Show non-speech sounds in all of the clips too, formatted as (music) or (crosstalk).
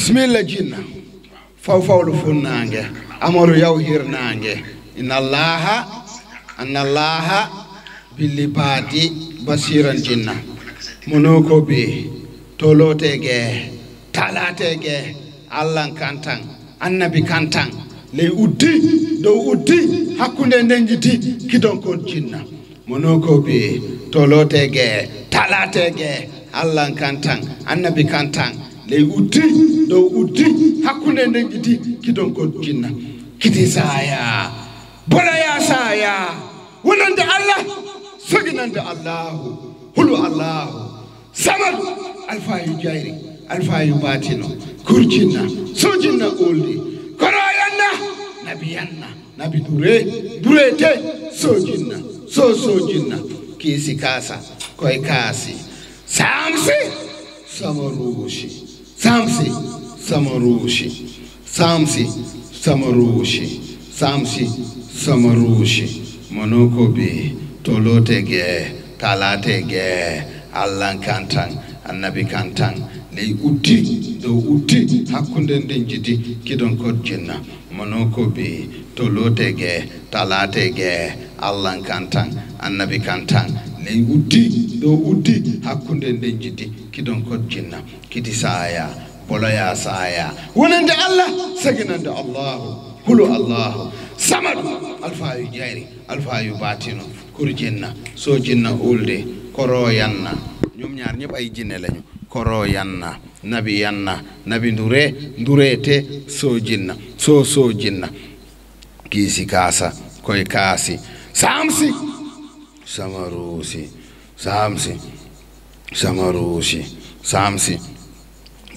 bismillah jinna faw fawɗo funnaange amaru yawhirnaange inna allaha anna allaha billibadi basiran jinna mono ko be toloteege talateege allahn kantan annabi kantan ley uddi dow uddi hakkunde ndenjiti kidonkon jinna mono ko be toloteege talateege allahn kantan annabi kantan ley uddi dow uddi hakkunde nden gidi kidon ko ginna kiti saya bonaya saya wonande allah soginande allahu hulu allahu samadu alfayu jayri alfayu batino kurjinna sojinna oldi koroyanna nabiyanna nabi dure durete sojinna so sojinna kiisi kaasa koye kaasi samsi samaruusi Samsi samarushi Samsi samarushi Samsi samarushi monokobi tolotege talatege allan kantan annabi kantan ley uddi dow uddi hakkunde nden jidi jinna monokobi tolotege talatege allan kantan en uddi ɗo uddi hakkunde nden jiddi kidon kon jinna kiti saya boloya saya wonande allah saginande allahu hulu allahu samadu alfayu jayri alfayu batino kuru jinna so jinna ulde koro yanna ñom ñaar ñëpp ay jinne lañu koro yanna nabi yanna nabi ndure ndurete so jinna so so jinna kiisi kaasa koye kaasi samsi samaruusi saamsi samaruusi saamsi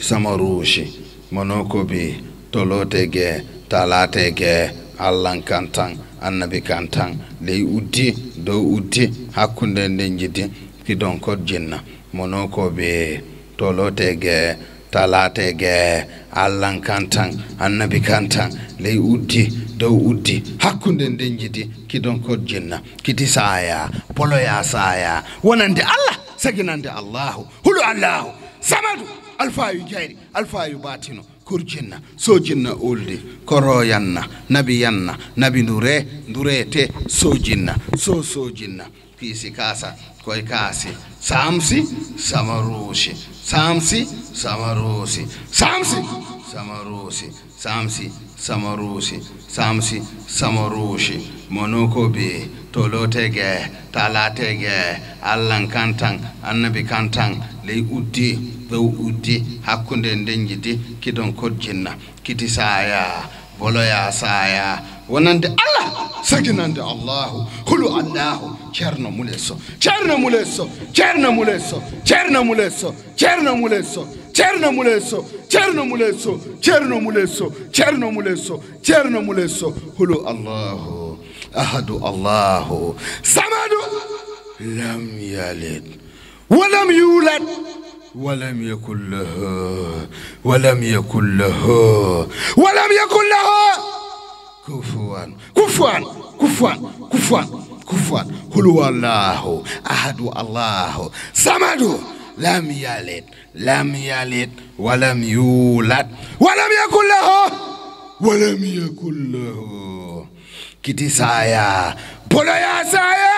samaruusi monokobi tolotege talatege allahn kan ley uddi dow uddi hakkunde nden jiddi kidon jinna monokobe tolotege talaate guee allan kan annabi kan ley uddi dow uddi hakkunde nden kidon kod kiti saaya poloya saaya wonande allah saginande allahu hulu allahu samadu alfayu jayri alfayu batino kurjinna sojinna oldi koroyanna nabi yanna nabi ndure ndurete sojinna so sojinna kiisi kaasa koye kaasi samsi samaruusi samsi samaruusi samsi samaruusi samsi samaruusi samsi samaruusi monoko allan kantan annabi kantan ley uddi dow uddi hakkunde ndenjidi kidon kojjinna kiti saya boloya saya wonande allah saginande allahu hulu allahu Thierno Moule Sow Thierno Moule Sow Thierno Moule Sow Thierno Moule Sow Thierno Moule Sow Thierno Moule Sow Thierno Moule Sow Thierno Moule Sow Thierno Moule Sow Thierno Moule Sow hulu allahu ahadu allahu samadu lam yalid walam yulad walam yakun lahu walam yakun lahu walam yakun lahu kufuwan kufuwan كفوا كفوا كفوا قل هو الله أحد الله صمد لم يلد لم يلد ولم يولد ولم يكن له ولم يكن له كتي سايا بلا يا سايا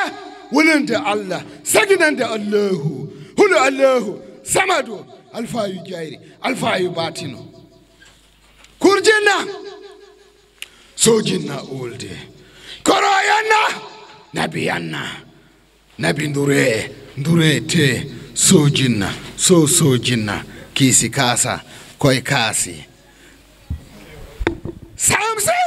ولنت الله سجننت الله هنا الله صمد الفاي جايري الفاي باتنو kurjinna sojinna olde koroyanna nabiyanna nabi ndure ndure te sojinna so sojinna kiisi kaasa koye kaasi samse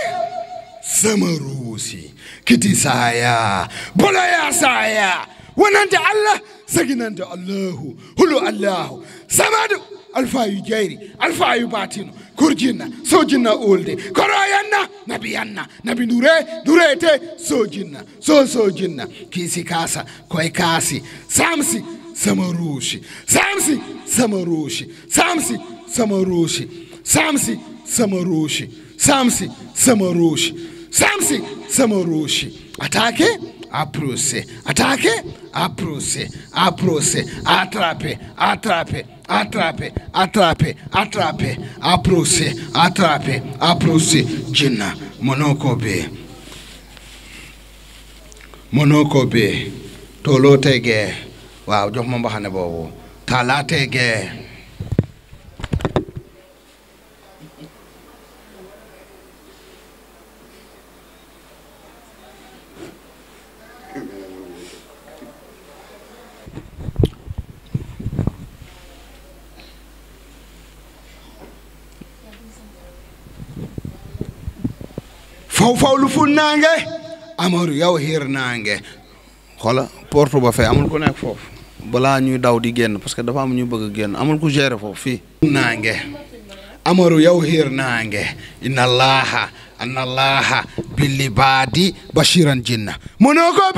samaruusi kiti saya boloya saya wonande allah saginande allahu hulu allahu samadu alfayu jayri alfayu batino kurjinna sojinna olde koroyanna nabi yanna nabi dure durete sojinna so sojinna kiisi kaasa koye kaasi samsi sama ruushi samsi sama ruushi samsi sama ruushi samsi sama ruushi samsi sama ruushi samsi sama ruushi atake approché atake approché approché attraper attraper attraper approcher attraper approcher jinna mënoo koo bee mënoo koo bee tooloo tegee waaw jox ma boobu talaa yow fawlu funnaange amaru yow xiir naange xoola porte ba fee amul ku nekk foofu balaa ñuy daw di génn parce que dafa am ñu bëgg génn amul ku gérer foofu fii naange amaru yow xiir naange inna allaha anna allaha billi baadi bashiran jinna mënoo ko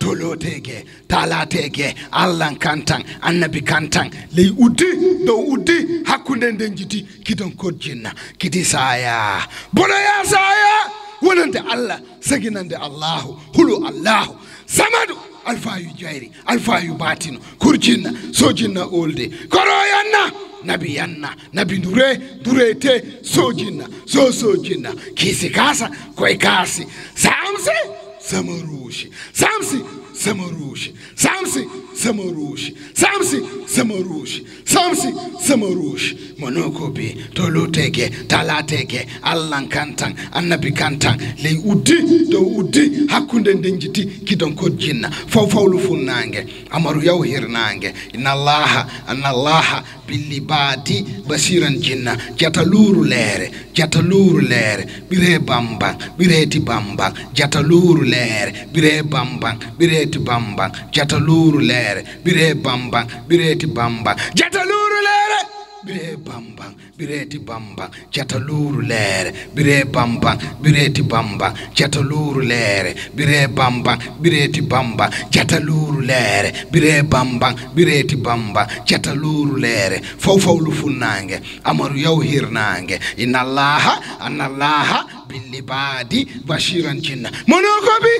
tolotege talatege allah kan tan annabi kan tan ley uddi dow uddi hakkunde nden jiti kidon kojjinna kidi saya bonoya saya wonande allah saginande allahu hulu allahu samadu alfayu jayri alfayu batino kurjinna sojinna olde koroyanna nabi yanna nabi ndure durete sojinna so sojinna kiisi kaasa koye kaasi sa sama ruusi saamsi sama ruusi saamsi sama ruusi saamsi sama ruusi kantan annabi kantan ley uddi dow uddi hakkunde nden kidon kojjinna fof fawlu amaru yawhirnaange inna allaha anna billi baati basiran jinna jataluuru leere jataluuru leere ɓiree bamban ɓireeti bamban jataluuru leere ɓiree bamban ɓireeti bamban jataluuru leere ɓiree bamban ɓireeti bamban jataluuru leere biree bambang bireeti bambang cata biree bambang bireeti bambang cata luuru leere biree bambang bireeti bambang cata luuru leere biree bambang bireeti bambang cata luuru leere fof fawlu funnaange amaru yaw hirnaange innallaha annallaha billibaadi bashiran jinna mono ko bi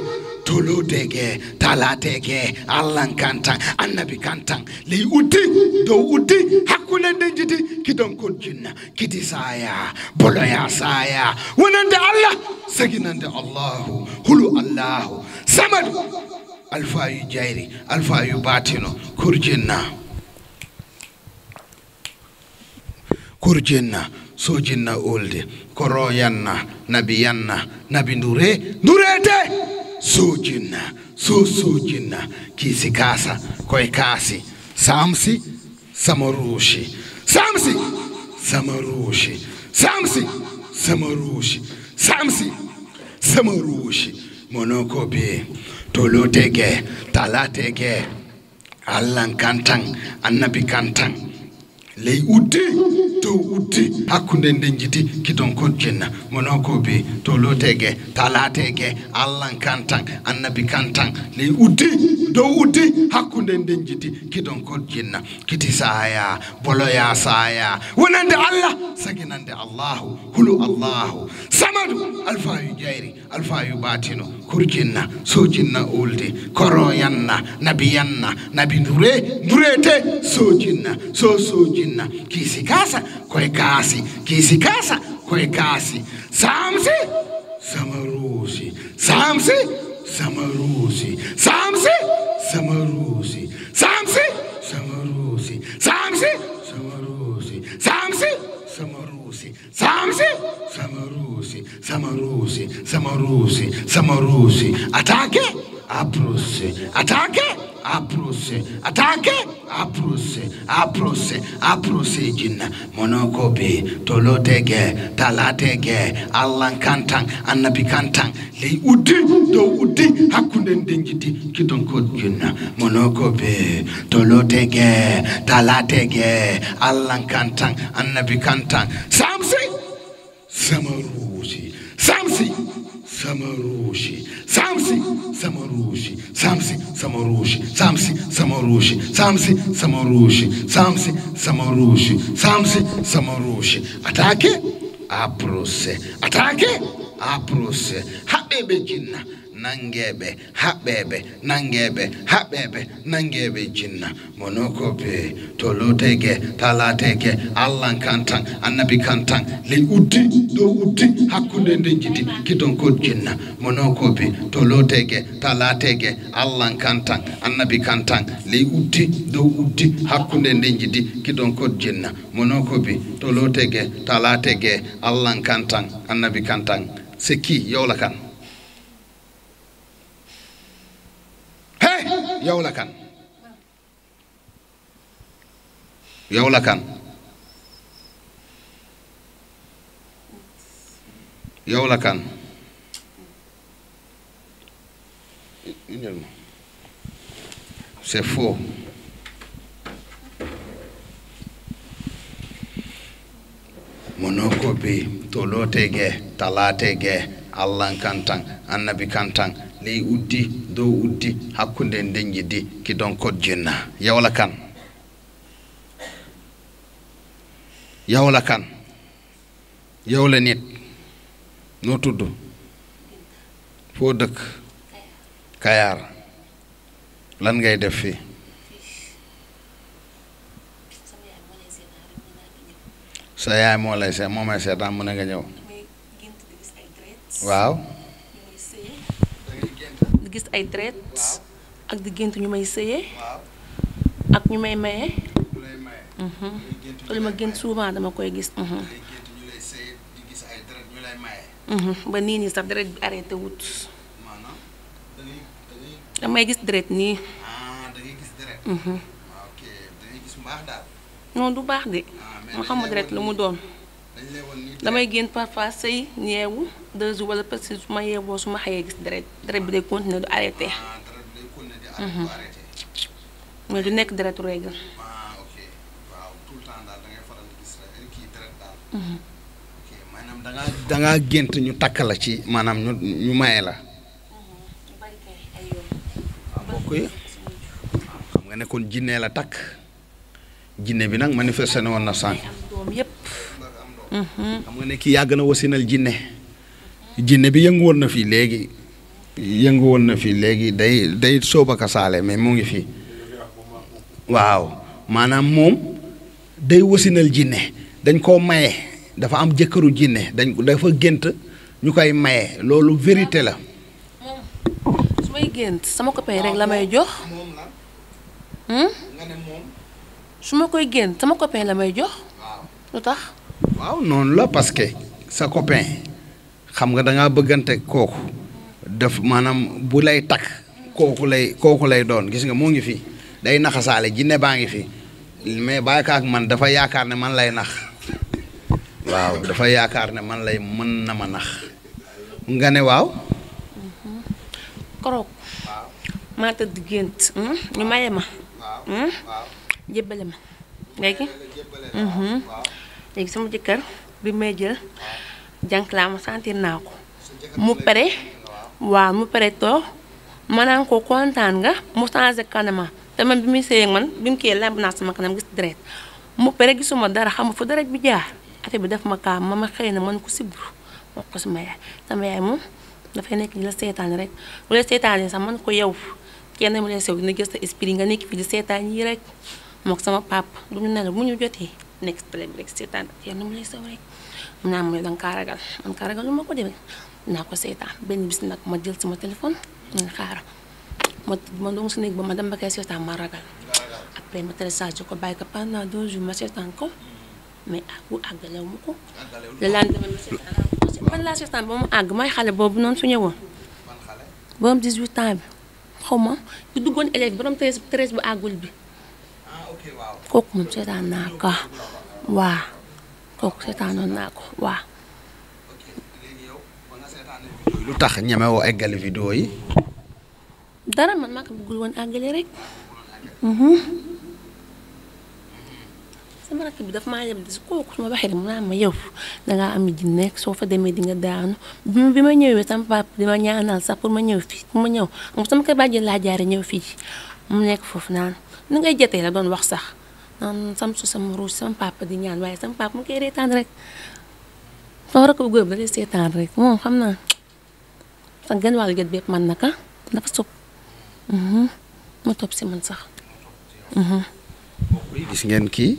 tulutege talatege allan kantan annabi kantan ley uddi dow uddi hakkunde nden jiti kidonkon jinna kiti saya boloya saya wonande allah saginande allahu hulu allahu samadu alfayu jayri alfayu batino kurjinna kurjinna sojinna olde koro yanna nabi yanna nabi ndure ndurete sojinna so sojinna kiisi kaasa koye kaasi samsi samarushi samsi samarushi samsi samarushi samsi samarushi mono ko be tolote ge talate ge kantan annabi kantan ley udde to uddi hakkunde nden jiti kidonkon jenna mono ko be tolotege talatege allan kan tan dow uddi hakkunde nden jiddi kidon kon jinna kiti saya wonande allah saginande allahu hulu allahu samadu alfayu jayri alfayu batino kurjinna sojinna ulde koroyanna nabiyanna nabi ndure ndurete sojinna so sojinna kiisi kasa koye kaasi kiisi kasa koye kaasi samsi samarusi samsi sama ruusi saamsi sama ruusi saamsi sama ruusi saamsi sama ruusi saamsi sama ruusi saamsi sama ruusi sama ruusi sama ruusi sama ruusi attaqué approché attaqué aprose atake aprose aprose aprose jinna monoko be tolotege talatege allah kantan annabi kantan uddi dow uddi hakkunde nden jitti kidonkot jinna monoko be tolotege talatege allah kantan annabi kantan samaru sama ruushi saamsi sama ruushi saamsi sama ruushi saamsi sama ruushi saamsi sama ruushi saamsi sama ruushi saamsi sama ruushi ataake a procès ataake a procès haɓɓe ɓe jinna nangeeɓe haɓɓeeɓe nangeeɓe haɓɓeeɓe nangeeɓe jinna mono koɓe to loteke talateke allah kan tan annabi kan tan ley uddi dow uddi hakkunde nde jidi kidon kod jinna mono koɓe to loteke talateke allah kan tan annabi kan tan ley uddi dow uddi hakkunde nde jidi kidon kod jinna mono koɓe to loteke talateke allah kan tan annabi kan tan sikki yowla kan yow la kan yow la kan yow la kan c'est faux monokoɓe tolote gue talate gue allahn kantan kantan ley uddi dow uddi hakkunde en deñƴi di kidon kod jinna yawla kan yawla kan yawla nit loo tudd foo dëkk kayaar lan ngay def fii sa yaay moo lay seet moo may seetaan mu ne nga ñëw waaw di gis ay dret ak di gént ñu may sëyee ak ñu may maye te li ma gént souvent dama koy gis mhm. ba nii nii sax deret bi arrêté wut damay gis deret nii mhm. non baax de ma xamul lu mu doon damay gént parfois sëy ñeewu deux jours ma yeewoo su gis deret deret bi day ah, mhm. nekk deretu règle. gént ñu takk la ci maanaam ñu maye la. Mhm. Ah, mbokk yi xam nga nekkoon jinne la takk jinne bi nag manifesté na woon na sànq. Mhm. xam nga ne ki yàgg na wasinal jinne jinne bi yënguwoon na fii léegi yënguwoon na fii léegi day day soobaka saale mais mu ngi fii waaw maanaam moom day wasinal jinne dañ koo maye dafa am jëkkëru jinne dañ dafa gént ñu koy maye loolu vérité la su may gént sama copain la may jox hmm? su ma koy gént sama copain la may jox lu tax waaw noonu la parce que sa copain xam nga da ngaa bëggante kooku def maanaam bu lay takk kooku lay kooku lay doon gis nga moo ngi fi day naxasaale jinne baa ngi fi mais baaka ak man dafa yaakaar ne man lay nax waaw dafa yaakaar ne man lay mën na ma nax nga ne waaw. Mm-hmm. koroog maa tëdd gént hmm? ñu maye ma hmm? jébbale ma léegi mm-hmm. léegi sama jëkkër bi may jël jànk laa ma sentir naa ko mu pare waaw mu pare too ma naan ko kontaan nga mu changé kanama te man bi muy sëy man bi mu kii lamb naa sama kanam gis deret mu pare gisuma dara xam fu deret bi jaar ate bi daf ma kaam ma ma xëy na man ko sibru moo ko sama yaay sama yaay moom dafay nekk di la seetaan rek bu la seetaanee sax man ko yow kenn mu lay sew dina gis sa esprit nga nekk fii di seetaan yi rek mook sama pap du ñu ne la ñu jotee nekk télé bi rek seetaan kenn mu lay sew rek mu naa mu ne danga kaa ragal man kaa ragal lu ma ko demee naa ko seetaan benn bis nag ma jël sama téléphone mu xaaral ma ma doon néeg ba ma dem ba ko bàyyi ko ah, mu àgg may xale boobu noonu su ñëwoon borom 18 ans bi xaw ma duggoon élève borom treize treize bu àggul bi ah, kooku moom seetaan naa ko waa kooku seetaanoon naa ko waa lu tax ñemewoo eggali vidéo yi dara man maa ko bëggul woon àggale rek mm-hmm. sama rakk bi dafa maa yem di si kooku su ma waxee mu naa ma yow dangaa am ji nekk soo fa demee di nga daanu bi ma bi ma ñëwee sama papa di ma ñaanal sax pour ma ñëw fii pour ma ñëw sama kër bàjjen laa jaare ñëw fii mu nekk foofu naan ni ngay jotee la doon wax sax naan sam su sam rouge sama papa di ñaan waaye sama papa mu koy reetaan rek soo rek bu góor seetaan rek moom xam naa sax gën wàllu jot bépp man naka dafa sob mhm, mu topp si man sax mhm. gis ngeen kii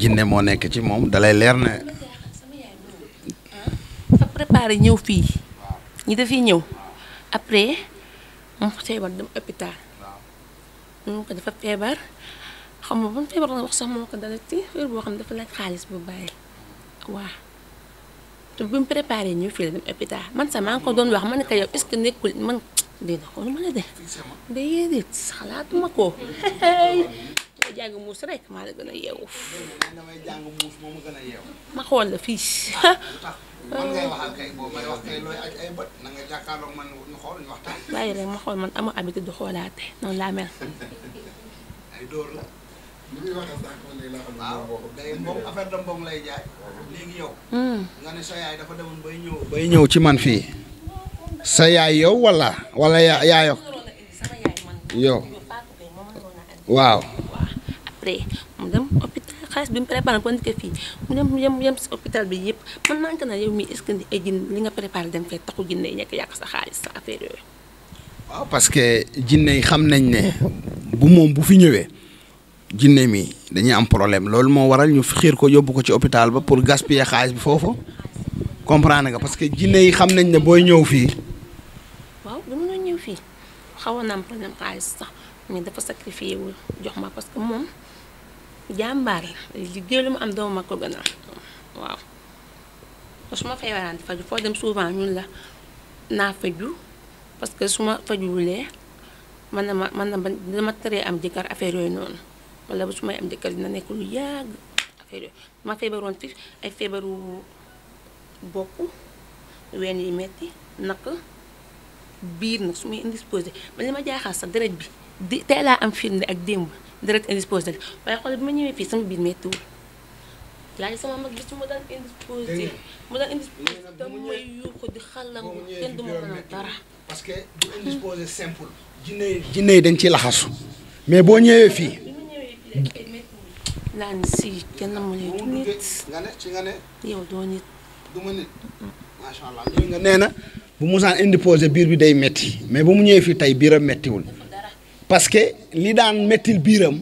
jinne moo nekk ci moom dalay leer ne dafa préparé ñëw fii ñi dafiy ñëw après moom feebar dem hôpital mu ko dafa feebar xam nga ban feebar la wax boo xam ne dafa laaj xaalis bu bàyyi waaw te bi ñu fii la man sax maa ngi ko doon wax ma ne ko yow est ce que nekkul man dina ko mën a ko ma jàng muus rek maa la gën a yeewu. ma xool la fii. man man ñu xool rek ma xool man amoo habitude du xoolaate noonu laa mel. li muy lay jaay. léegi yow. Hmm. nga ne sa yaay dafa demoon bay ñëw. ci man fii. sa yaay yow wala wala yaa yaay yow. waaw. après mu dem hôpital xaalis bi mu préparé ko ndike fii mu dem yem yem si bi yëpp man manqué na yow mi est-ce que ay jinn li nga préparé dem fee taxu jinne yi ñekk yàq sa xaalis sa affaire waaw parce que jinne yi xam nañ ne bu moom bu fi ñëwee. jinne mii dañuy am problème loolu moo waral ñu xiir ko yóbbu ko ci hôpital ba pour gaspiller xaalis bi foofu comprendre nga parce que jinne yi xam nañ ne booy ñëw fii. waaw dama doon ñëw fii xawoon wu jox ma parce que moom jàmbaar la liggéey lu mu am doomu ma foo dem souvent ñun la naa faju parce que su ma fajuwulee man na ma man na ma dama tëree am jëkkër affaire yooyu noonu. wala bu su may am jëkkër dina nekk affaire yooyu ay feebaru bopp ween yi metti naka biir nag su may indisposé ba li ma jaaxal sax deret bi di tey laa am ak démb deret indisposé la waaye xool bi ma ñëwee fii sama biir parce que bu indisposé simple dañ ci laxasu mais boo ñëwee fii naan si kenn mu nga nee na bu musaan indi posé biir bi day metti mais bu mu ñëwee fii tey biiram mettiwul parce que li daan mettil biiram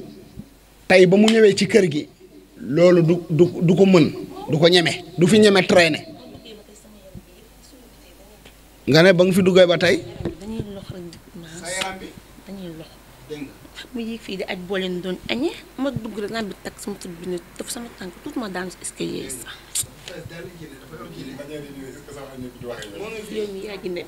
tey ba mu ñëwee ci kër gi loolu du du du ko mën du ko ñeme du fi ñeme traîner nga ne ba nga fi duggee ba tey mu yéeg fii de aj boo doon añee ma dugg rek naan bi takk sama tut bi ne daf sama tànk tuut ma daanu si escalier sax yow mi yaa bi nag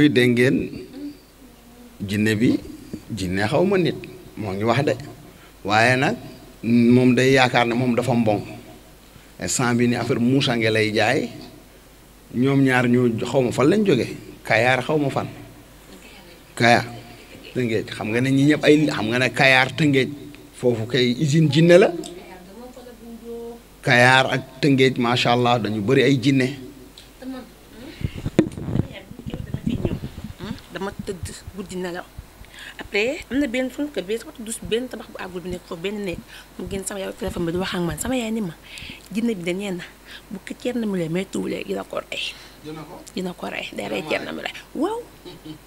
yi dégg jinne bi jinne xaw ma nit moo ngi wax de waaye nag moom day yaakaar ne moom dafa mbon instant bi ni affaire Moussa lay jaay ñoom ñaar ñu xaw ma fan lañ jóge Kayaar xaw ma fan Kayaar Tëngéej xam nga ne ñi ñëpp ay xam nga ne Kayaar Tëngéej foofu kay usine jinne la Kayaar ak Tëngéej macha allah dañu bëri ay jinne hmm? dama tëdd guddi nelaw après am na benn fu mu ko benn tabax bu àggul bi nekk foofu benn néeg mu génn sama yaay téléphone bi di wax ak man sama yaay ni ma jinne bi dañee na bu ko Thierno Moule may tuulee dina ko rey dina ko rey day rey Thierno Moule waaw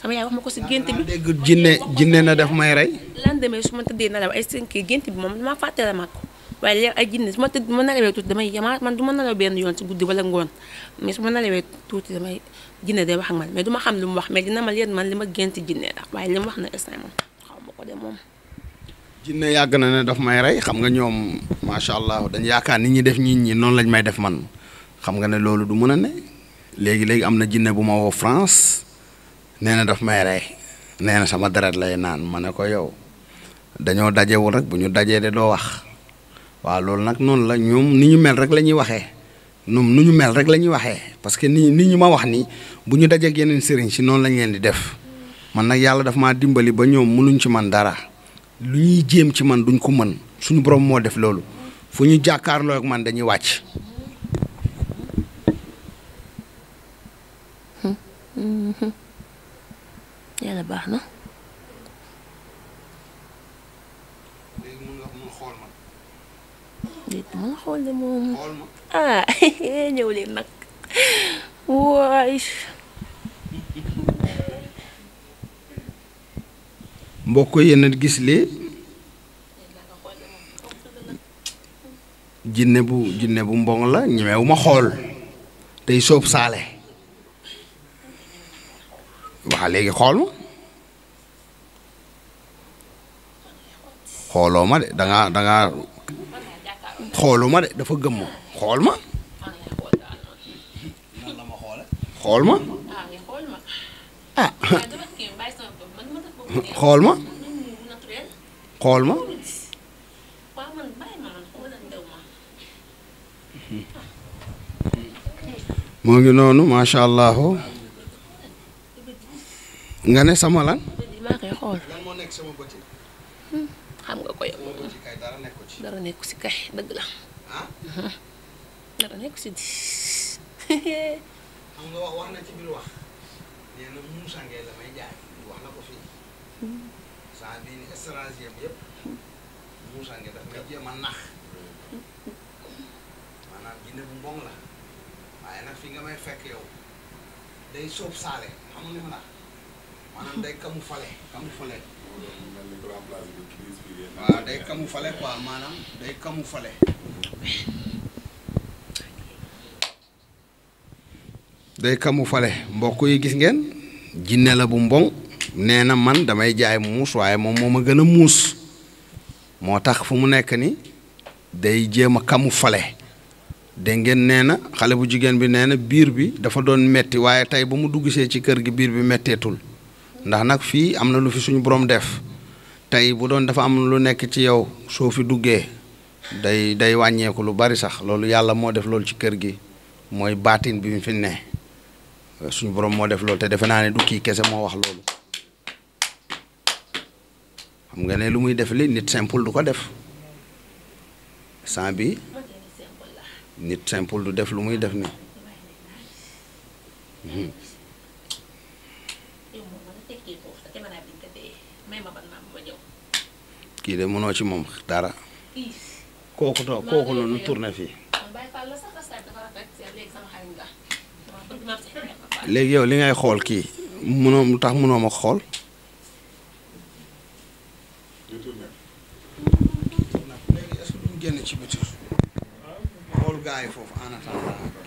sama yaay wax ma ko si gént bi dégg jinne jinne na daf may rey lendemain su ma tëddee nelaw ay cinq gént bi moom damaa fàtte la ma ko waaye léegi ay jinne su ma tëdd ma nalawee tuuti damay yama ah, man du ma nalaw benn yoon si guddi wala ngoon mais su ma nalawee tuuti damay jinne day wax ak man mais du xam li mu wax mais dina ma leer man li ma gént jinne la waaye li mu wax na instant moom xaw ma jinne yàgg na ne daf may rey xam nga ñoom macha allah dañ yaakaar nit ñi def nit ñi noonu lañ may def man xam nga ne loolu du mën a ne léegi-léegi am na jinne bu ma woo France nee na daf may rey nee na sama deret lay naan ma ne ko yow dañoo dajewul rek bu ñu dajee de doo wax waaw loolu nag noonu la ñoom ni ñu mel rek la ñuy waxee ñoom nu ñu mel rek la ñuy waxee parce que ni ni ñu ma wax nii bu ñu dajee yeneen sëriñ si noonu lañ leen di def man nag yàlla daf maa dimbali ba ñoom mënuñ ci man dara lu ñuy jéem ci man duñ ko mën suñu borom moo def loolu fu ñu jàkkaarloo ak man dañuy wàcc. Hmm. Hmm. Hmm. déet xool de moom ah ñëw leen nag waay. mbokk yéen a gis lii jinne bu jinne bu mbong la ñemewu ma xool tey soob saale waa léegi xool ma xooloo ma de dangaa dangaa xooluma de dafa gëm xool ma xool ma xool ah. (laughs) ma xool ma moo ngi noonu macha allah nga ne sama lan. maa koy xool. xam nga ko yow dara nekku si kay dëgg la ah? mhm. dara nekku si di xam nga wax wax na ci biir wax nee na Moussa Gueye la may wax na ko fii saa mhm. bii ni stratégie bi yëpp Moussa Gueye daf a nax mhm. maanaam jinne bu mboŋ la waaye nag fii nga may fekk yow day soob saale xam nga ni maanaam day kamu fale kamu fale waaw ah, day camouflé quoi day kamu fale mbokk yi gis ngeen jinne la bu mboŋ nee na man damay jaay muus waaye moom moo ma gën a muus moo tax fu mu nekk ni day jéem a fale dégg ngeen nee na xale bu jigéen bi nee na biir bi dafa doon metti waaye tey ba mu duggsee ci kër gi biir bi metteetul ndax nag fii am na lu fi suñu borom def tey bu doon dafa am lu nekk ci yow soo fi duggee day day wàññeeku lu bari sax loolu yàlla moo def loolu ci kër gi mooy baatin bi mu fi ne suñu borom moo def loolu te defe naa ne du kese moo wax loolu xam nga ne lu muy def li nit simple du ko def sant bi nit simple du def lu muy def ni hmm. kii de mënoo ci moom dara. kooku toog kooku noonu tourné fii. léegi yow li ngay xool kii mënoo lu tax mënoo ma xool. génn ci biti yi foofu en